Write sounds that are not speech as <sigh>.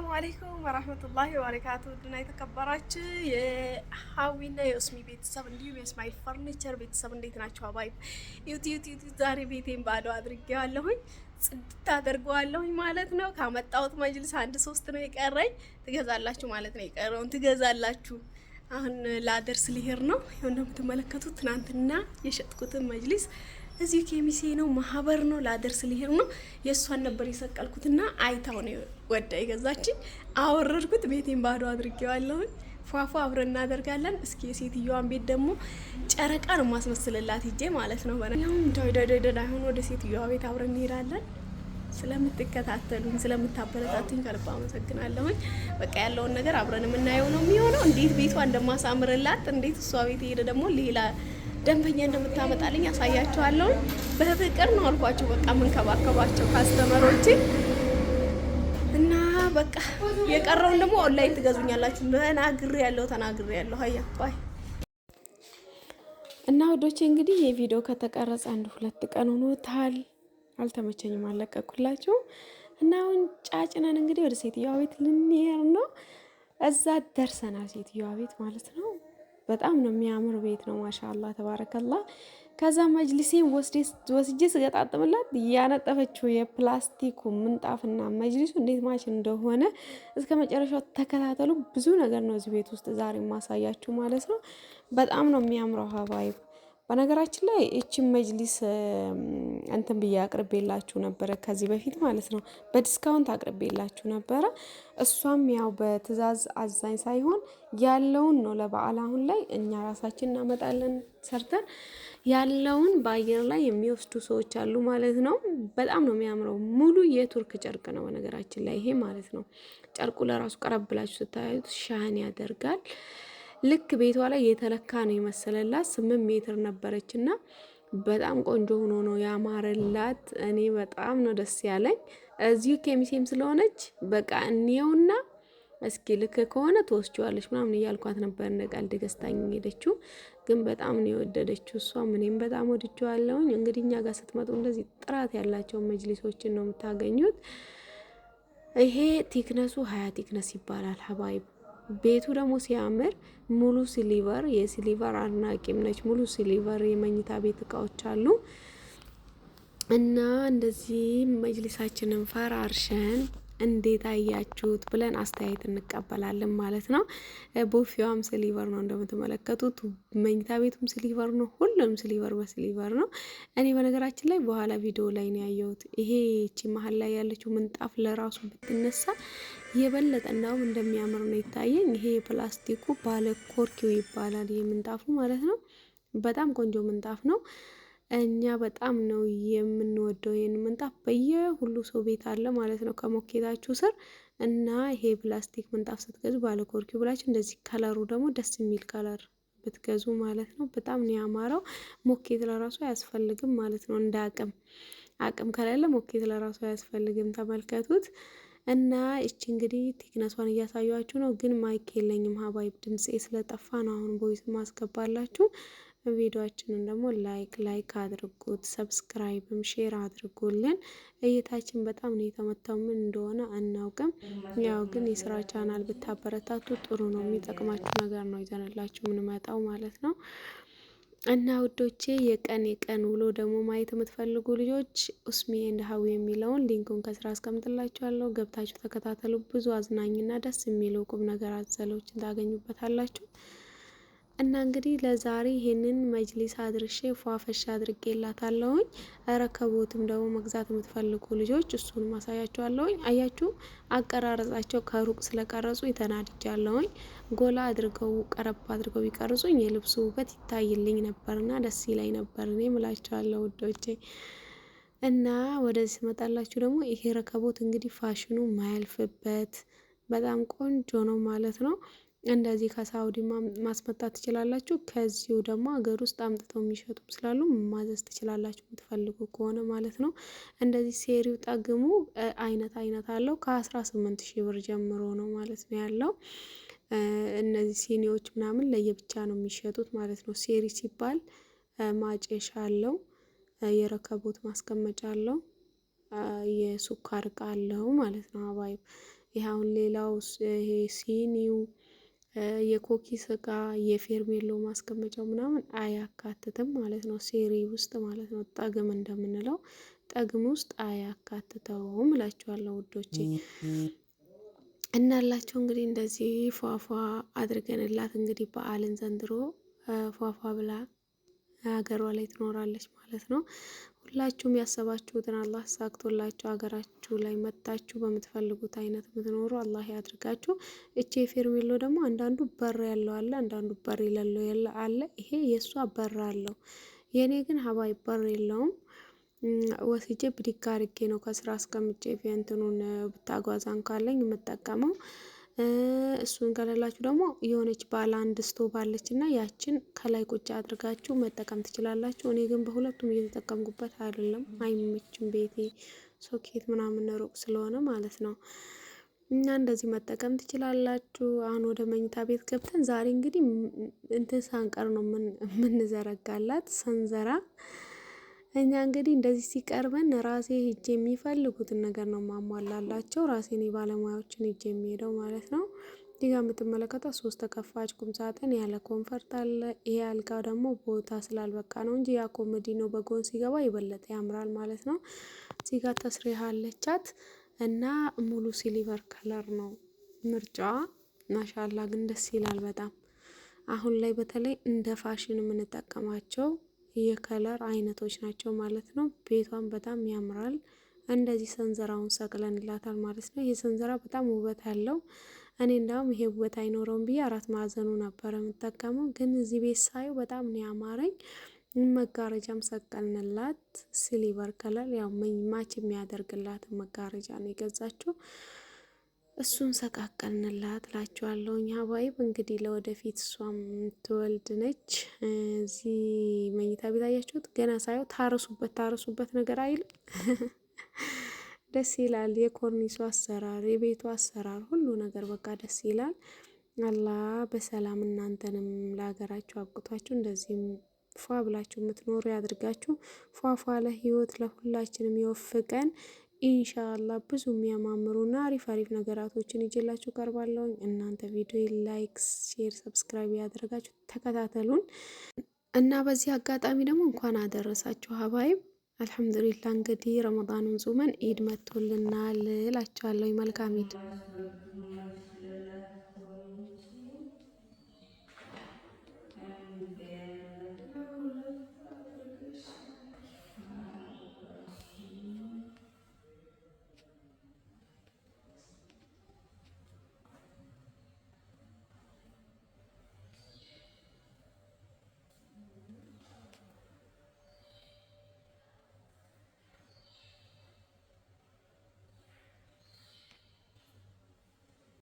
አሰላሙ አሌይኩም ወረህመቱላሂ ወበረካቱ ውድና የተከበራችሁ የሀዊና የኦስሚ ቤተሰብ እንዲሁም የእስማኤል ፈርኒቸር ቤተሰብ እንዴት ናቸው? አባይ ዩቲዩቲዩቲ ዛሬ ቤቴን ባዶ አድርጌዋለሁኝ፣ ጽድት አደርገዋለሁኝ ማለት ነው። ካመጣሁት መጅልስ አንድ ሶስት ነው የቀረኝ። ትገዛላችሁ ማለት ነው፣ የቀረውን ትገዛላችሁ። አሁን ላደርስ ሊሄድ ነው። ይኸው እንደምትመለከቱት ትናንትና የሸጥኩትን መጅልስ እዚሁ ኬሚሴ ነው ማህበር ነው ላደርስ ሊሄድ ነው። የእሷን ነበር የሰቀልኩትና አይታው ነው ወዳ የገዛችኝ። አወረድኩት፣ ቤቴን ባዶ አድርጌዋለሁኝ። ፏፏ አብረን እናደርጋለን። እስኪ የሴትዮዋን ቤት ደግሞ ጨረቃ ነው ማስመስልላት ሂጄ ማለት ነው። በሁም ዳዳዳዳ አሁን ወደ ሴትዮዋ ቤት አብረን እንሄዳለን። ስለምትከታተሉኝ ስለምታበረታቱኝ ከልባ አመሰግናለሁኝ። በቃ ያለውን ነገር አብረን የምናየው ነው የሚሆነው። እንዴት ቤቷ እንደማሳምርላት እንዴት እሷ ቤት ሄደ ደግሞ ሌላ ደንበኛ እንደምታመጣልኝ ያሳያችኋለሁ። በፍቅር ነው አልኳቸው። በቃ የምንከባከባቸው ካስተመሮች እና በቃ የቀረውን ደግሞ ኦንላይን ትገዙኛላችሁ ተናግሬ ያለው ተናግሬ ያለሁ ሀያ ባይ እና ወዶቼ እንግዲህ የቪዲዮ ከተቀረጸ አንድ ሁለት ቀን ሆኖታል። አልተመቸኝም፣ አለቀኩላችሁ እና አሁን ጫጭነን እንግዲህ ወደ ሴትዮዋ ቤት ልንሄድ ነው። እዛ ደርሰናል፣ ሴትዮዋ ቤት ማለት ነው። በጣም ነው የሚያምር ቤት ነው። ማሻላ ተባረከላ። ከዛ መጅሊሴን ወስጄ ስገጣጥምላት ያነጠፈችው የፕላስቲኩ ምንጣፍና መጅሊሱ እንዴት ማች እንደሆነ እስከ መጨረሻው ተከታተሉ። ብዙ ነገር ነው እዚህ ቤት ውስጥ ዛሬ ማሳያችሁ ማለት ነው። በጣም ነው የሚያምረው ሀባይ በነገራችን ላይ ይችን መጅሊስ እንትን ብዬ አቅርቤላችሁ ነበረ ከዚህ በፊት ማለት ነው። በዲስካውንት አቅርቤላችሁ ነበረ። እሷም ያው በትዕዛዝ አዛኝ ሳይሆን ያለውን ነው ለበዓል አሁን ላይ እኛ ራሳችን እናመጣለን ሰርተን ያለውን በአየር ላይ የሚወስዱ ሰዎች አሉ ማለት ነው። በጣም ነው የሚያምረው። ሙሉ የቱርክ ጨርቅ ነው በነገራችን ላይ ይሄ ማለት ነው። ጨርቁ ለራሱ ቀረብ ብላችሁ ስታዩት ሻህን ያደርጋል። ልክ ቤቷ ላይ የተለካ ነው የመሰለላት። ስምንት ሜትር ነበረች እና በጣም ቆንጆ ሆኖ ነው ያማረላት። እኔ በጣም ነው ደስ ያለኝ። እዚሁ ኬሚሴም ስለሆነች በቃ እኔውና እስኪ ልክ ከሆነ ትወስችዋለች ምናምን እያልኳት ነበር። እንደ ቀልድ ገዝታኝ ሄደችው፣ ግን በጣም ነው የወደደችው እሷ። እኔም በጣም ወድችዋለውኝ። እንግዲህ እኛ ጋር ስትመጡ እንደዚህ ጥራት ያላቸውን መጅሊሶችን ነው የምታገኙት። ይሄ ቲክነሱ ሀያ ቲክነስ ይባላል ሀባይብ ቤቱ ደግሞ ሲያምር ሙሉ ሲሊቨር የሲሊቨር አድናቂም ነች። ሙሉ ሲሊቨር የመኝታ ቤት እቃዎች አሉ እና እንደዚህ መጅሊሳችንን ፈራርሸን እንዴት አያችሁት ብለን አስተያየት እንቀበላለን ማለት ነው። ቦፌዋም ሲሊቨር ነው እንደምትመለከቱት፣ መኝታ ቤቱም ስሊቨር ነው። ሁሉም ስሊቨር በሲሊቨር ነው። እኔ በነገራችን ላይ በኋላ ቪዲዮ ላይ ነው ያየሁት። ይሄ ይቺ መሀል ላይ ያለችው ምንጣፍ ለራሱ ብትነሳ የበለጠ እናውም እንደሚያምር ነው ይታየኝ። ይሄ የፕላስቲኩ ባለ ኮርኪው ይባላል ምንጣፉ ማለት ነው። በጣም ቆንጆ ምንጣፍ ነው። እኛ በጣም ነው የምንወደው ይህን ምንጣፍ። በየሁሉ ሰው ቤት አለ ማለት ነው ከሞኬታችሁ ስር እና ይሄ ፕላስቲክ ምንጣፍ ስትገዙ ባለ ኮርኪው ብላችሁ እንደዚህ ከለሩ ደግሞ ደስ የሚል ከለር ብትገዙ ማለት ነው። በጣም ነው ያማረው። ሞኬት ለራሱ አያስፈልግም ማለት ነው። እንደ አቅም አቅም ከሌለ ሞኬት ለራሱ አያስፈልግም። ተመልከቱት። እና እቺ እንግዲህ ቲክነሷን እያሳያችሁ ነው። ግን ማይክ የለኝም ሀባይብ ድምጽ ስለጠፋ ነው አሁን ቦይስ ማስገባላችሁ። ቪዲዮችንን ደግሞ ላይክ ላይክ አድርጉት፣ ሰብስክራይብም ሼር አድርጉልን። እይታችን በጣም ነው የተመታው፣ ምን እንደሆነ አናውቅም። ያው ግን የስራ ቻናል ብታበረታቱ ጥሩ ነው፣ የሚጠቅማችሁ ነገር ነው ይዘንላችሁ የምንመጣው ማለት ነው። እና ውዶቼ የቀን የቀን ውሎ ደግሞ ማየት የምትፈልጉ ልጆች ኡስሜ እንደ ሀዊ የሚለውን ሊንኩን ከስራ አስቀምጥላችኋለሁ። ገብታችሁ ተከታተሉ። ብዙ አዝናኝና ደስ የሚሉ ቁም ነገር አዘሎችን ታገኙበታላችሁ። እና እንግዲህ ለዛሬ ይሄንን መጅሊስ አድርሼ ፏፈሻ አድርጌላታለሁኝ። ረከቦትም ደግሞ መግዛት የምትፈልጉ ልጆች እሱን ማሳያችኋለሁኝ። አያችሁ አቀራረጻቸው ከሩቅ ስለቀረጹ የተናድጃለሁኝ። ጎላ አድርገው ቀረብ አድርገው ቢቀርጹኝ የልብሱ ውበት ይታይልኝ ነበርና ደስ ይላይ ነበር። እኔ ምላቸዋለሁ ውዶቼ እና ወደዚህ ስመጣላችሁ ደግሞ ይሄ ረከቦት እንግዲህ ፋሽኑ ማያልፍበት በጣም ቆንጆ ነው ማለት ነው። እንደዚህ ከሳውዲ ማስመጣት ትችላላችሁ። ከዚሁ ደግሞ ሀገር ውስጥ አምጥተው የሚሸጡም ስላሉ ማዘዝ ትችላላችሁ የምትፈልጉ ከሆነ ማለት ነው። እንደዚህ ሴሪው ጠግሙ አይነት አይነት አለው ከአስራ ስምንት ሺህ ብር ጀምሮ ነው ማለት ነው ያለው። እነዚህ ሲኒዎች ምናምን ለየብቻ ነው የሚሸጡት ማለት ነው። ሴሪ ሲባል ማጨሻ አለው፣ የረከቦት ማስቀመጫ አለው፣ የሱካር እቃ አለው ማለት ነው። አባይ ይህ አሁን ሌላው ይሄ ሲኒው የኮኪስ እቃ የፌርሜሎ ማስቀመጫው ምናምን አያካትትም ማለት ነው። ሴሪ ውስጥ ማለት ነው። ጠግም እንደምንለው ጠግም ውስጥ አያካትተውም እላችኋለሁ ውዶቼ። እናላቸው እንግዲህ እንደዚህ ፏፏ አድርገንላት እንግዲህ በዓልን ዘንድሮ ፏፏ ብላ ሀገሯ ላይ ትኖራለች ማለት ነው። ሁላችሁም ያሰባችሁትን አላህ ሳክቶላችሁ ሀገራችሁ ላይ መታችሁ በምትፈልጉት አይነት የምትኖሩ አላህ ያድርጋችሁ። እቺ የፌርሜሎ ደግሞ አንዳንዱ በር ያለው አለ፣ አንዳንዱ በር የሌለው አለ። ይሄ የእሷ በር አለው፣ የእኔ ግን ሀባይ በር የለውም። ወስጄ ብድግ አድርጌ ነው ከስራ አስቀምጬ እንትኑን ብታጓዛን ካለኝ የምጠቀመው እሱን ከሌላችሁ ደግሞ የሆነች ባለ አንድ ስቶቭ አለች እና ያችን ከላይ ቁጭ አድርጋችሁ መጠቀም ትችላላችሁ። እኔ ግን በሁለቱም እየተጠቀምኩበት አይደለም፣ አይመችም። ቤቴ ሶኬት ምናምን ሩቅ ስለሆነ ማለት ነው። እና እንደዚህ መጠቀም ትችላላችሁ። አሁን ወደ መኝታ ቤት ገብተን ዛሬ እንግዲህ እንትን ሳንቀር ነው የምንዘረጋላት ሰንዘራ እኛ እንግዲህ እንደዚህ ሲቀርበን ራሴ ሄጄ የሚፈልጉትን ነገር ነው ማሟላላቸው። ራሴን ባለሙያዎችን ሄጄ የሚሄደው ማለት ነው። እዚህ ጋር ሶስት ተከፋች ቁም ሳጥን ያለ ኮንፈርት አለ። ይሄ አልጋው ደግሞ ቦታ ስላልበቃ ነው እንጂ ያ ኮሜዲ ነው። በጎን ሲገባ የበለጠ ያምራል ማለት ነው። እዚህ ጋር አለቻት እና ሙሉ ሲሊቨር ከለር ነው ምርጫዋ። ማሻላ ግን ደስ ይላል በጣም አሁን ላይ በተለይ እንደ ፋሽን የምንጠቀማቸው የከለር አይነቶች ናቸው ማለት ነው። ቤቷን በጣም ያምራል። እንደዚህ ሰንዘራውን ሰቅለንላታል ማለት ነው። ይሄ ሰንዘራ በጣም ውበት አለው። እኔ እንዳውም ይሄ ውበት አይኖረውም ብዬ አራት ማዕዘኑ ነበር የምጠቀመው፣ ግን እዚህ ቤት ሳየው በጣም ነው ያማረኝ። መጋረጃም ሰቀልንላት። ሲሊቨር ከለር ያው ማች የሚያደርግላት መጋረጃ ነው የገዛችው። እሱን ሰቃቀልንላት ላችኋለሁኝ። ሀባይብ እንግዲህ ለወደፊት እሷም ትወልድ ነች። እዚህ መኝታ ቤት አያችሁት፣ ገና ሳየው ታረሱበት ታረሱበት ነገር አይልም። <laughs> ደስ ይላል። የኮርኒሱ አሰራር፣ የቤቱ አሰራር፣ ሁሉ ነገር በቃ ደስ ይላል። አላ በሰላም እናንተንም ለሀገራችሁ አብቅቷችሁ እንደዚህም ፏ ብላችሁ የምትኖሩ ያድርጋችሁ። ፏፏ ለህይወት ለሁላችንም ይወፍቀን። ኢንሻአላህ ብዙ የሚያማምሩና አሪፍ አሪፍ ነገራቶችን ይዤላችሁ ቀርባለሁ። እናንተ ቪዲዮ ላይክ፣ ሼር፣ ሰብስክራይብ ያደረጋችሁ ተከታተሉን እና በዚህ አጋጣሚ ደግሞ እንኳን አደረሳችሁ ሀባይም አልሐምዱሊላ እንግዲህ ረመዳኑን ጾመን ኢድ መጥቶልናል እላችኋለሁ። መልካም ኢድ